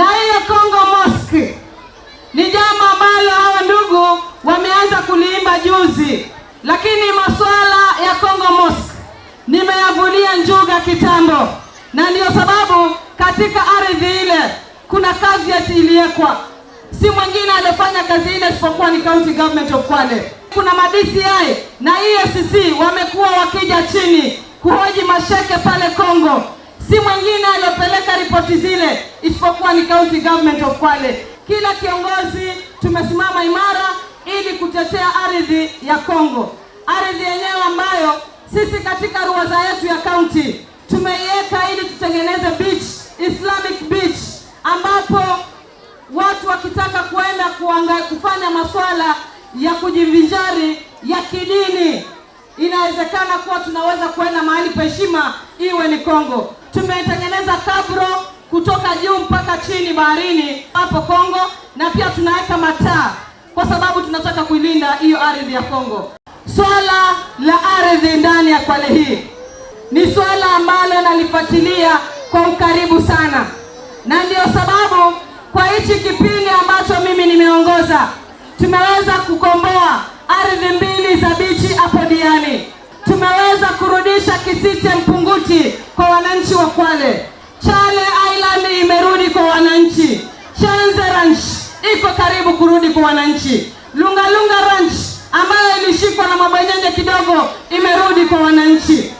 na hiyo Kongo Mosque ni jambo ambalo hawa ndugu wameanza kuliimba juzi, lakini masuala ya Kongo Mosque nimeyavulia njuga kitambo, na ndiyo sababu katika ardhi ile kuna kazi ati si mwingine aliyofanya kazi ile isipokuwa ni county government of Kwale. Kuna madisi dci na EACC wamekuwa wakija chini kuhoji masheke pale Kongo si mwingine aliyopeleka ripoti zile isipokuwa ni county government of Kwale. Kila kiongozi tumesimama imara ili kutetea ardhi ya Kongo, ardhi yenyewe ambayo sisi katika ruwaza yetu ya county tumeiweka ili tutengeneze beach, Islamic beach, ambapo watu wakitaka kuenda kuanga, kufanya masuala ya kujivinjari ya kidini inawezekana kuwa tunaweza kuenda mahali pa heshima, iwe ni Kongo tumetengeneza kabro kutoka juu mpaka chini baharini hapo Kongo, na pia tunaweka mataa kwa sababu tunataka kuilinda hiyo ardhi ya Kongo. Swala la ardhi ndani ya Kwale hii ni swala ambalo nalifuatilia kwa ukaribu sana, na ndiyo sababu kwa hichi kipindi ambacho mimi nimeongoza tumeweza kukomboa ardhi mbili za bichi hapo Diani, tumeweza kurudisha kisiti haki kwa wananchi wa Kwale. Chale Island imerudi kwa wananchi. Shanze Ranch iko karibu kurudi kwa wananchi. Lungalunga Ranch ambayo ilishikwa na mabwenyenye kidogo imerudi kwa wananchi.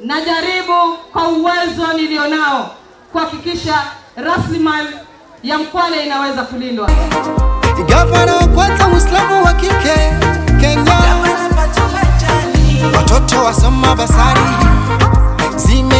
Najaribu kwa uwezo nilionao kuhakikisha rasilimali ya Mkwale inaweza kulindwa. Gavana wa kwanza Muislamu wa kike Kenya, watoto wasoma basari Zime